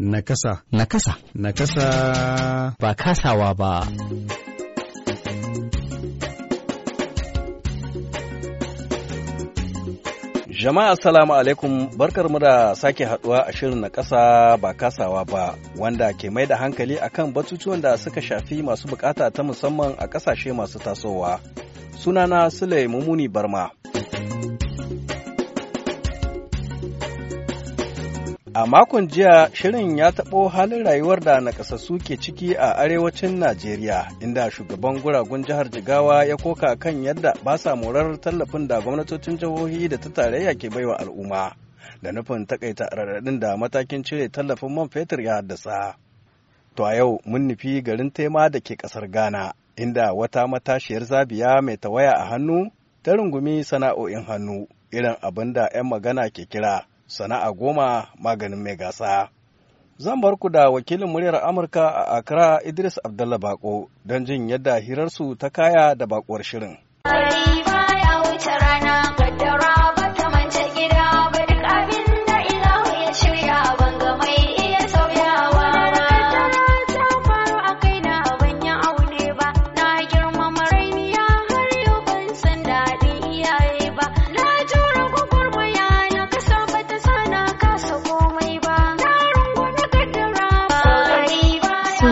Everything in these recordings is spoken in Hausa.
Nakasa. Nakasa. Nakasa. Ba kasawa ba. Jama'a Salamu alaikum barkar mu da sake haduwa a shirin na ƙasa ba kasawa ba wanda ke mai da hankali akan batutuwan da suka shafi masu bukata ta musamman a ƙasashe masu tasowa. Sunana Sule Mumuni Barma. A makon jiya shirin ya taɓo halin rayuwar da nakasassu ke ciki a arewacin Najeriya inda shugaban guragun jihar Jigawa ya koka kan yadda ba sa morar tallafin da gwamnatocin jihohi da ta tarayya ke baiwa al'umma da nufin takaita raɗaɗin da matakin cire tallafin man fetur ya haddasa. To a yau mun nufi garin tema da ke ƙasar Ghana inda wata matashiyar zabiya mai tawaya a hannu ta rungumi sana'o'in hannu irin abin da 'yan magana ke kira sana'a goma maganin mai gasa. Zan bar ku da wakilin muryar Amurka a Accra Idris Abdullah Bako don jin yadda hirarsu ta kaya da bakuwar shirin.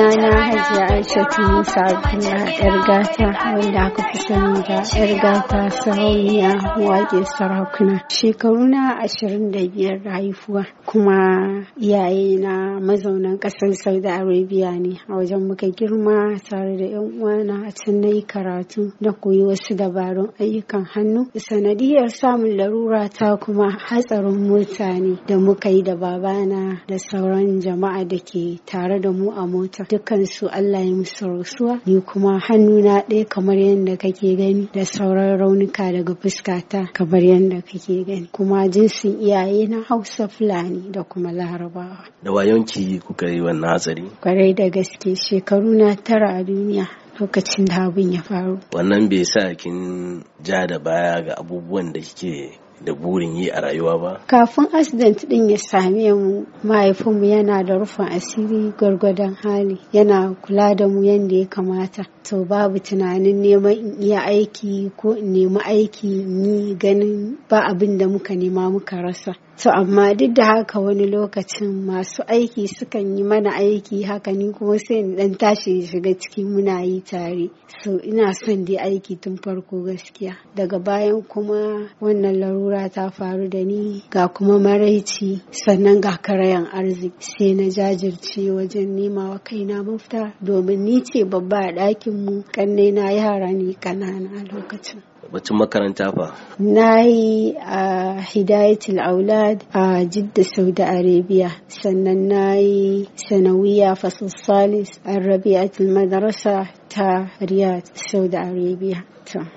sunana hajiya aishatu musa abdullahi yar gata wanda aka fi sani da yar gata sarauniya wake sarakuna shekaru na ashirin da biyar haifuwa kuma iyaye na mazaunan ƙasar saudi arabia ne a wajen muka girma tare da yan uwana a can na yi karatu da koyi wasu dabarun ayyukan hannu sanadiyar samun larura ta kuma hatsarin mutane da muka yi da babana da sauran jama'a da ke tare da mu a mota dukansu Allah ya musu rasuwa ni kuma hannu na ɗaya kamar yadda kake gani da sauran raunuka daga fuskata kamar yadda kake gani kuma jinsin iyaye na Hausa Fulani da kuma Larabawa. Da wayonki kuka yi wannan hatsari? Kwarai da gaske shekaru na tara a duniya lokacin da abin ya faru. Wannan bai sa kin ja da baya ga abubuwan da kike da burin yi a rayuwa ba? Kafin accident din ya same mu mahaifinmu yana da rufin asiri gwargwadon hali yana kula da mu yadda ya kamata. To babu tunanin neman in iya aiki ko in nemi aiki ni ganin ba abin da muka nema muka rasa. To amma duk da haka wani lokacin masu aiki sukan yi mana aiki haka ni kuma sai in dan tashi shiga ciki muna yi tare. So ina son dai aiki tun farko gaskiya. Daga bayan kuma wannan larura larura ta faru da ni ga kuma maraici sannan ga karayan arziki sai na jajirce wajen nema wa kaina mafita domin ni ce babba a ɗakin mu kannai na yara ne kanana a lokacin bacin makaranta fa? Na yi a Hidayatul Aulad a Jidda Saudi Arabia, sannan na yi sanawiya Fasil Salis a Rabi'atul Madarasa ta Riyadh Saudi Arabia.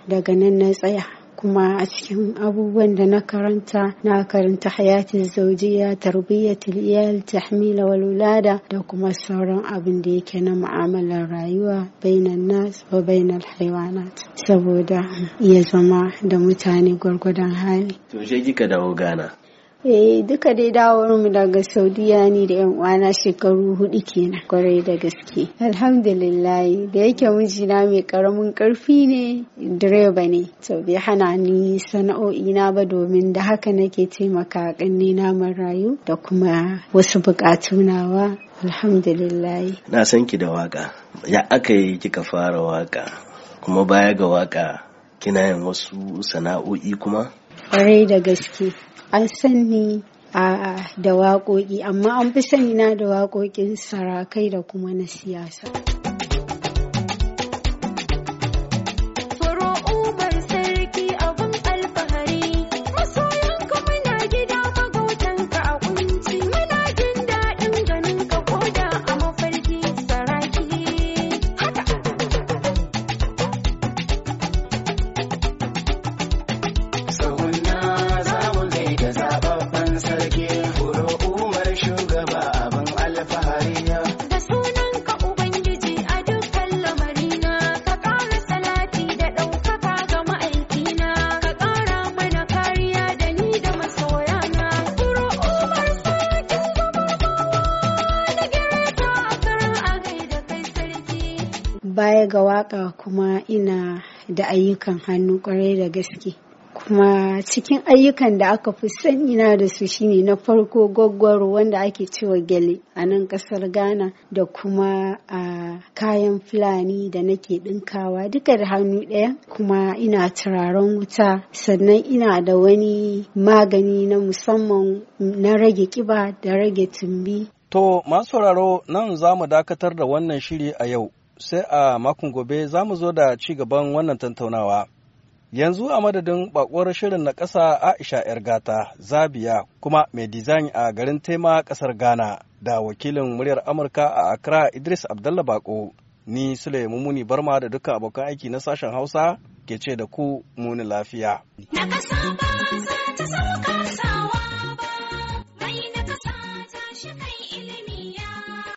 Daga nan na tsaya. kuma a cikin abubuwan da na karanta na karanta hayatin zaujiya tarbiyyatul iyal tahmila wal da kuma sauran abin da yake na mu'amalar rayuwa bainan nas wa bainal haywanat saboda iya zama da mutane gwargwadon hali to je kika dawo Ghana Eh duka dai dawon mu daga Saudiya ni da yan uwana shekaru hudu kenan kwarai da gaske. Alhamdulillah da yake mijina mai karamin karfi ne direba ne. To bai hana ni sana'o'i na ba domin da haka nake taimaka kanne na marayu da kuma wasu bukatu nawa. Alhamdulillah. Na san ki da waka. Ya aka yi kika fara waka kuma baya ga waka kina yin wasu sana'o'i kuma? Kwarai da gaske. an sani da waƙoƙi amma an fi sani na da waƙoƙin sarakai da kuma na siyasa. baya ga waka kuma ina da ayyukan hannu kwarai da gaske kuma cikin ayyukan da aka fi sani na da su shine na farko gwaggwaro wanda ake cewa gele a nan kasar ghana da kuma a kayan fulani da nake dinkawa duka da hannu ɗaya kuma ina turaren wuta sannan ina da wani magani na musamman na rage kiba da rage tumbi to masu sauraro nan za mu dakatar da wannan shiri a yau sai a makon gobe za mu zo da ci gaban wannan tantaunawa. Yanzu a madadin bakwar shirin na ƙasa Aisha 'yar gata Zabiya kuma mai dizayin a garin Tema ƙasar Ghana da wakilin muryar Amurka a Accra Idris Abdallah Bako. Ni Sule Mumuni Barma da dukkan abokan aiki na sashen Hausa ke ce da ku muni lafiya. Na ƙasa ba za ta sauka sawa.